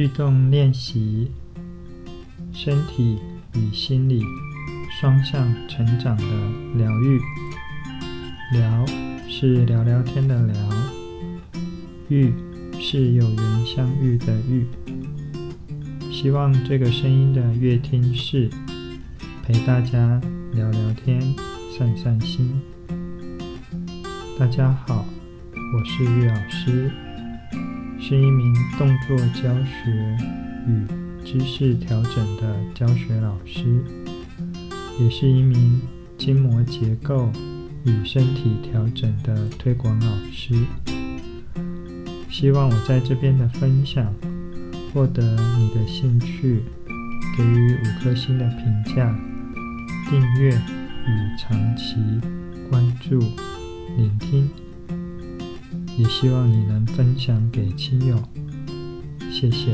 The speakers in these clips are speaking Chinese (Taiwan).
律動練習，身體與心理雙向成長的療癒。聊是聊聊天的聊，遇是有緣相遇的遇。希望這個聲音的樂聽室陪大家聊聊天、散散心。大家好，我是玉老師。是一名動作教學與姿勢調整的教學老師，也是一名筋膜結構與身體調整的推廣老師。希望我在這邊的分享獲得你的興趣，給予五顆星的評價、訂閱與長期關注、聆聽。也希望你能分享給親友，謝謝。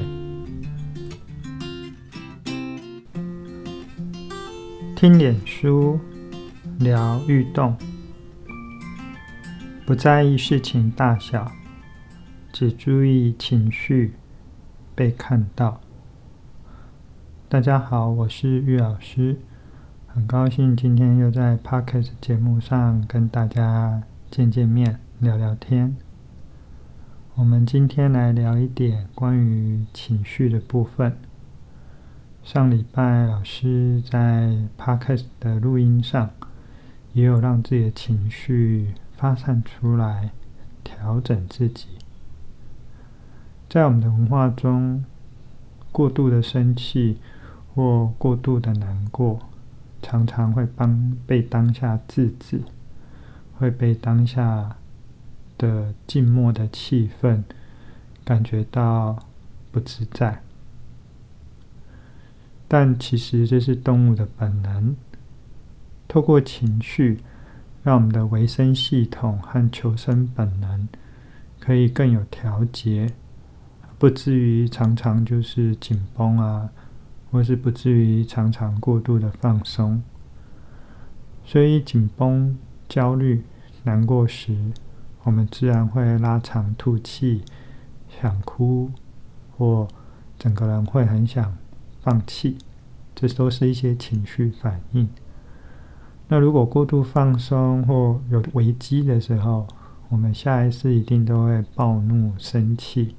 聽臉書，聊遇動，不在意事情大小，只注意情緒被看到。大家好，我是玉老師，很高興今天又在 Podcast 節目上跟大家見見面，聊聊天。我們今天來聊一點關於情緒的部分。上禮拜老師在 Podcast 的錄音上，也有讓自己的情緒發散出來，調整自己。在我們的文化中，過度的生氣或過度的難過，常常會幫被當下制止，會被當下。的靜默的氣氛，感覺到不自在，但其實這是動物的本能。透過情緒，讓我們的維生系統和求生本能可以更有調節，不至於常常就是緊繃啊，或是不至於常常過度的放鬆。所以，緊繃、焦慮、難過時，我們自然會拉長吐氣，想哭，或整個人會很想放棄，這都是一些情緒反應。那如果過度放鬆或有危機的時候，我們下一次一定都會暴怒生氣。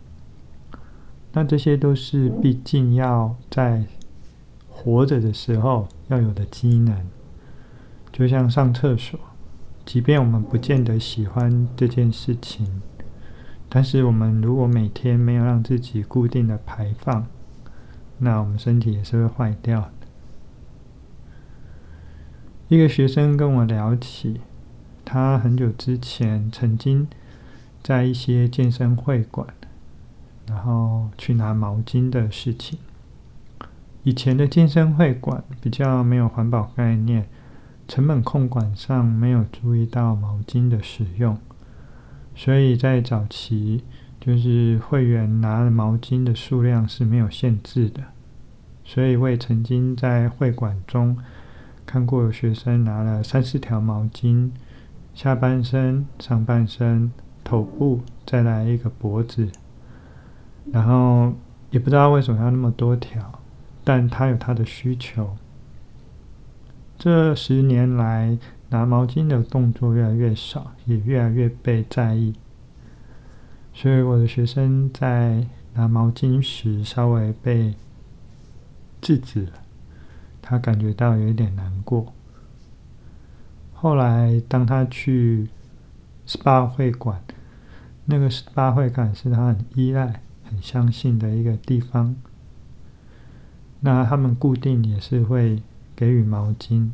那這些都是畢竟要在活着的時候要有的機能，就像上廁所。即便我們不見得喜歡這件事情，但是我們如果每天沒有讓自己固定的排放，那我們身體也是會壞掉的。一個學生跟我聊起，他很久之前曾經在一些健身會館，然後去拿毛巾的事情。以前的健身會館比較沒有環保概念，成本控管上沒有注意到毛巾的使用，所以在早期就是會員拿毛巾的數量是沒有限制的，所以我也曾經在會館中看過有學生拿了三四條毛巾，下半身、上半身、頭部，再來一個脖子，然後也不知道為什麼要那麼多條，但他有他的需求。這十年來，拿毛巾的動作越來越少，也越來越被在意。所以我的學生在拿毛巾時，稍微被制止了，他感覺到有一點難過。後來，當他去 SPA 會館，那個 SPA 會館是他很依賴、很相信的一個地方。那他們固定也是會。給予毛巾，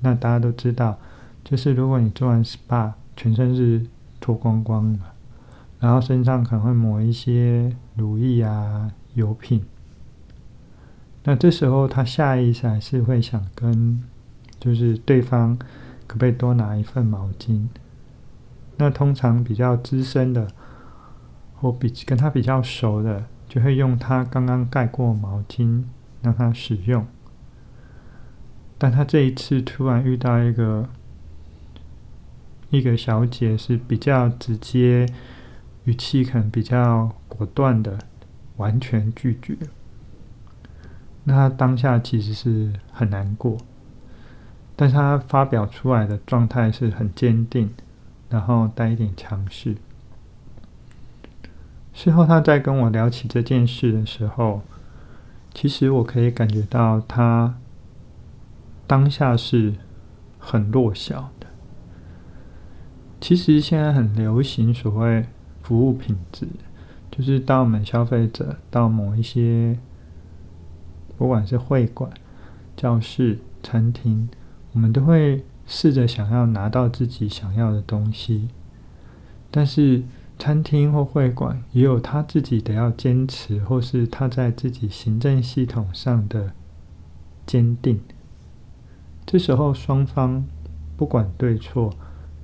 那大家都知道，就是如果你做完 SPA，全身是脫光光的嘛，然後身上可能會抹一些乳液啊、油品，那這時候他下意識還是會想跟，就是對方可不可以多拿一份毛巾？那通常比較資深的，或比跟他比較熟的，就會用他剛剛蓋過毛巾讓他使用。但他這一次突然遇到一個一個小姐，是比較直接，語氣可能比較果斷的，完全拒絕。那他當下其實是很難過，但是他發表出來的狀態是很堅定，然後帶一點強勢。事後他在跟我聊起這件事的時候，其實我可以感覺到他。當下是很弱小的。其實現在很流行所謂服務品質，就是當我們消費者到某一些，不管是會館、教室、餐廳，我們都會試着想要拿到自己想要的東西。但是餐廳或會館也有他自己得要堅持，或是他在自己行政系統上的堅定。這時候，雙方不管對錯，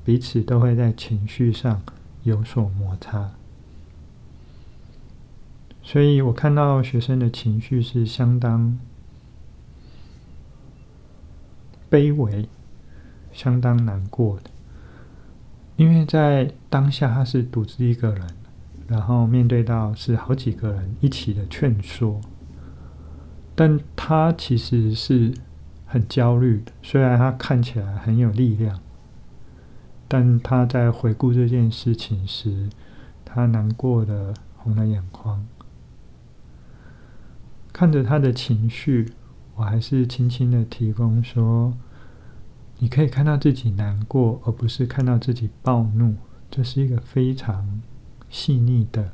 彼此都會在情緒上有所摩擦。所以我看到學生的情緒是相當卑微、相當難過的，因為在當下他是獨自一個人，然後面對到是好幾個人一起的勸說，但他其實是。很焦慮，雖然他看起來很有力量，但他在回顧這件事情時，他難過的紅了眼眶。看着他的情緒，我還是輕輕的提供說：“你可以看到自己難過，而不是看到自己暴怒。”這是一個非常細膩的、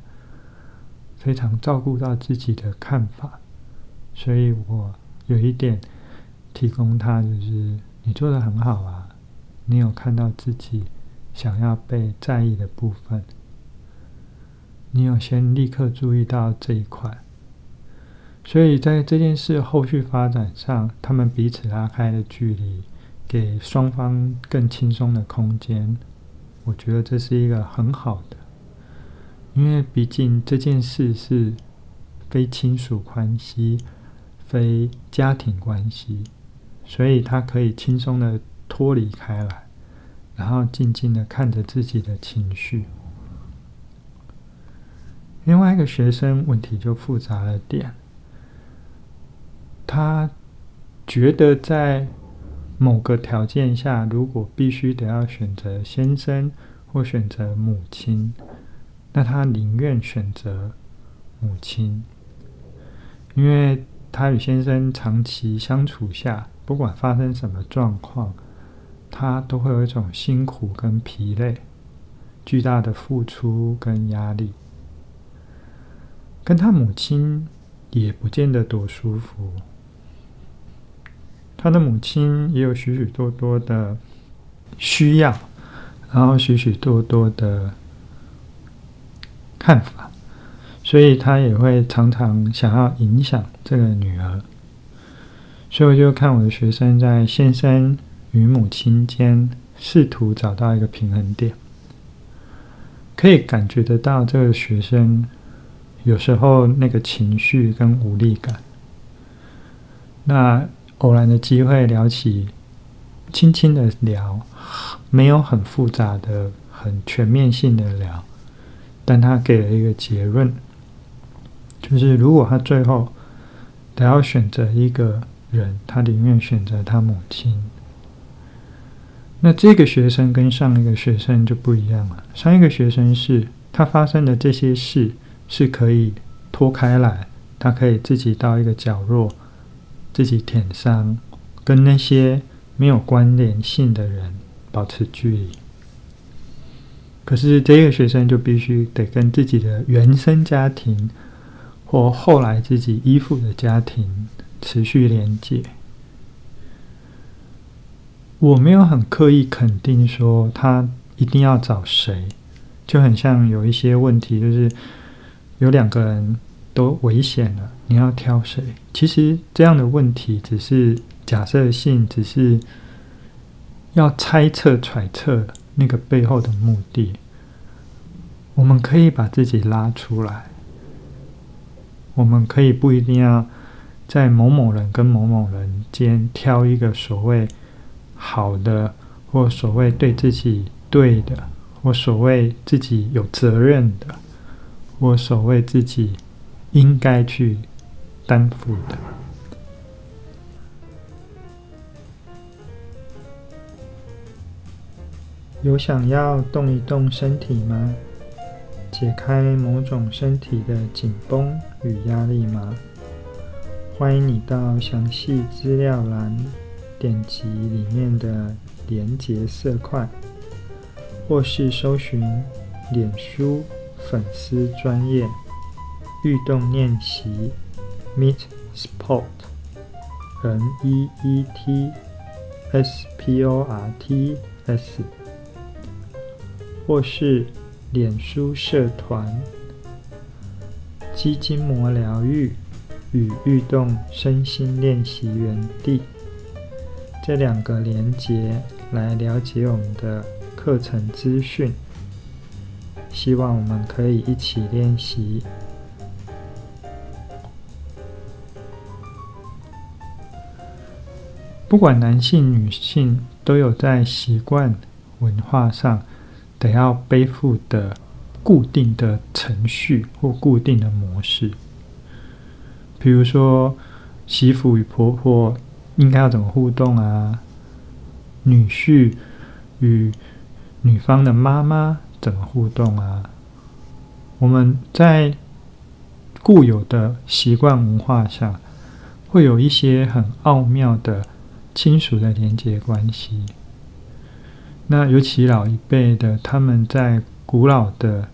非常照顧到自己的看法。所以，我有一點。提供，他就是你做得很好啊！你有看到自己想要被在意的部分，你有先立刻注意到這一塊，所以在這件事後續發展上，他們彼此拉開的距離，給雙方更輕鬆的空間。我覺得這是一個很好的，因為畢竟這件事是非親屬關係、非家庭關係。所以他可以輕鬆的脫離開來，然後靜靜的看着自己的情緒。另外一個學生問題就複雜了點，他覺得在某個條件下，如果必須得要選擇先生或選擇母親，那他寧願選擇母親，因為。他與先生長期相處下，不管發生什麼狀況，他都會有一種辛苦跟疲累、巨大的付出跟壓力，跟他母親也不見得多舒服。他的母親也有許許多多的需要，然後許許多多的看法。所以他也會常常想要影響這個女兒，所以我就看我的學生在先生與母親間試圖找到一個平衡點，可以感覺得到這個學生有時候那個情緒跟無力感。那偶然的機會聊起，輕輕的聊，沒有很複雜的、很全面性的聊，但他給了一個結論。就是如果他最後得要選擇一個人，他寧願選擇他母親。那這個學生跟上一個學生就不一樣了。上一個學生是他發生的這些事是可以脫開來，他可以自己到一個角落，自己舔傷，跟那些沒有關聯性的人保持距離。可是這個學生就必須得跟自己的原生家庭，或後來自己依附的家庭持續連接，我沒有很刻意肯定說他一定要找誰，就很像有一些問題，就是有兩個人都危險了，你要挑誰？其實這樣的問題只是假設性，只是要猜測揣測那個背後的目的，我們可以把自己拉出來。我們可以不一定要在某某人跟某某人間挑一個所謂好的，或所謂對自己對的，或所謂自己有責任的，或所謂自己應該去擔負的。有想要動一動身體嗎？解開某種身體的緊繃。與壓力嗎？歡迎你到詳細資料欄點擊裡面的連結色塊，或是搜尋臉書粉絲專頁遇動練習 Meet Sport，M E E T S P O R T S，或是臉書社團。肌筋膜療癒與運動身心練習園地，這兩個連結，來了解我們的課程資訊。希望我們可以一起練習。不管男性女性，都有在習慣文化上得要背負的。固定的程序或固定的模式，比如說，媳婦與婆婆應該要怎麼互動啊？女婿與女方的媽媽怎麼互動啊？我們在固有的習慣文化下，會有一些很奧妙的親屬的連接關係。那尤其老一輩的，他們在古老的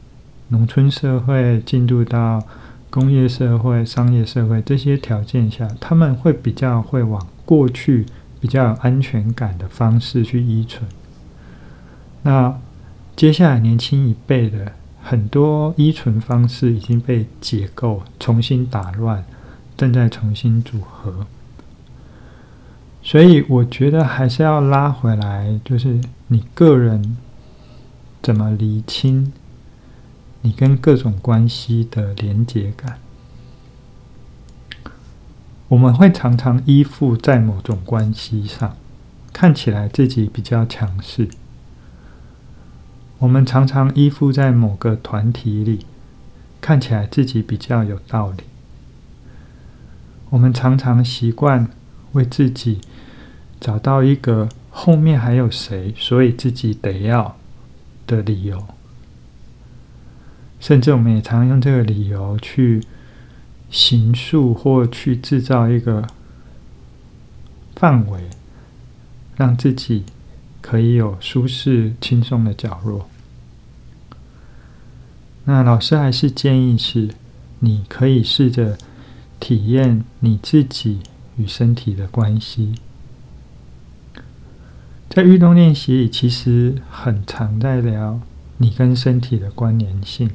農村社會進入到工業社會、商業社會這些條件下，他們會比較會往過去比較有安全感的方式去依存。那接下來年輕一輩的很多依存方式已經被解構、重新打亂，正在重新組合。所以我覺得還是要拉回來，就是你個人。怎麼釐清你跟各種關係的連接感？我們會常常依附在某種關係上，看起來自己比較強勢；我們常常依附在某個團體裡，看起來自己比較有道理；我們常常習慣為自己找到一個後面還有誰，所以自己得要的理由，甚至我們也常用這個理由去形塑或去製造一個範圍，讓自己可以有舒適、輕鬆的角落。那老師還是建議是，你可以試着體驗你自己與身體的關係。在運動練習裡，其實很常在聊你跟身體的關聯性。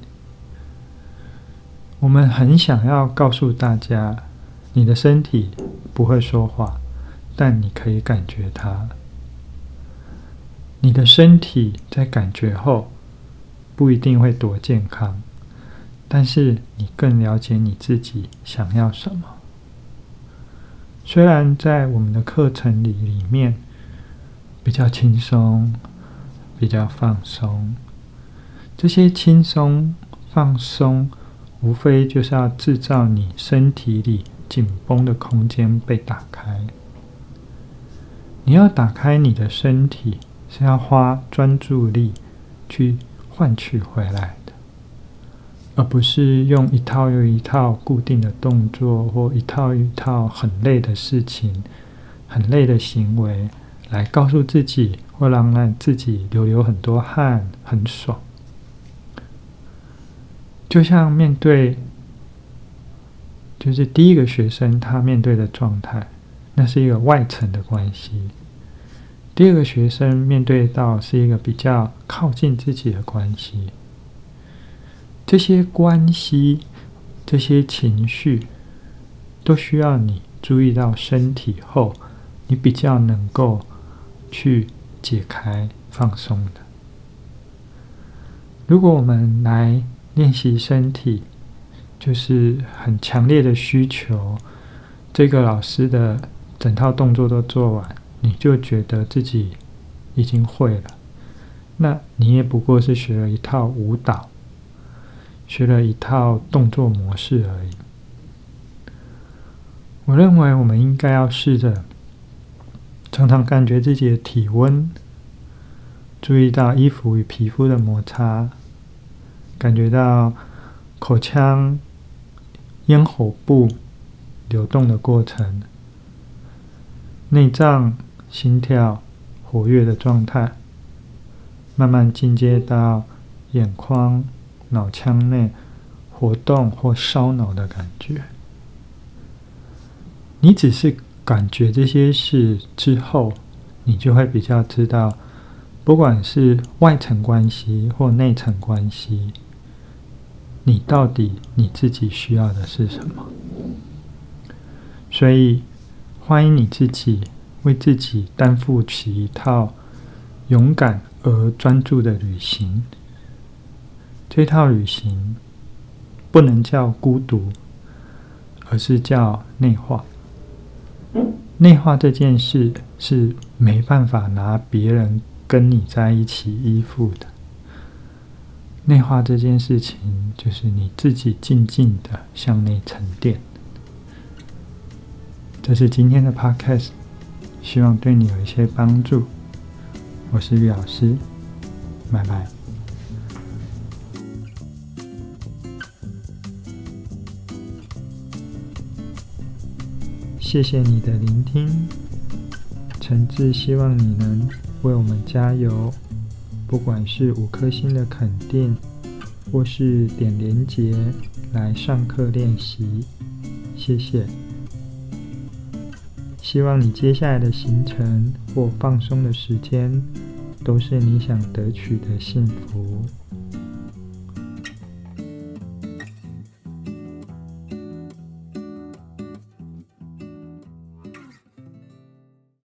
我們很想要告訴大家，你的身體不會說話，但你可以感覺它。你的身體在感覺後，不一定會多健康，但是你更了解你自己想要什麼。雖然在我們的課程裡裡面。比較輕鬆，比較放鬆。這些輕鬆、放鬆，無非就是要製造你身體裡緊繃的空間被打開。你要打開你的身體，是要花專注力去換取回來的，而不是用一套又一套固定的動作，或一套又一套很累的事情、很累的行為。來告訴自己，或讓自己流流很多汗，很爽。就像面對，就是第一個學生他面對的狀態，那是一個外層的關係；第二個學生面對到是一個比較靠近自己的關係。這些關係，這些情緒，都需要你注意到身體後，你比較能夠。去解開放鬆的。如果我們來練習身體，就是很強烈的需求。這個老師的整套動作都做完，你就覺得自己已經會了，那你也不過是學了一套舞蹈，學了一套動作模式而已。我認為我們應該要試着。常常感覺自己的體溫，注意到衣服與皮膚的摩擦，感覺到口腔、咽喉部流動的過程，內臟、心跳活躍的狀態，慢慢進階到眼眶、腦腔內活動或燒腦的感覺。你只是。感覺這些事之後，你就會比較知道，不管是外層關係或內層關係，你到底你自己需要的是什麼。所以，歡迎你自己為自己擔負起一套勇敢而專注的旅行。這套旅行不能叫孤獨，而是叫內化。內化這件事是沒辦法拿別人跟你在一起依附的。內化這件事情就是你自己靜靜的向內沉澱。這是今天的 podcast，希望對你有一些幫助。我是於老師，拜拜。謝謝你的聆聽，誠摯希望你能為我們加油，不管是五顆星的肯定，或是點連結來上課練習，謝謝。希望你接下來的行程或放鬆的時間，都是你想得取的幸福。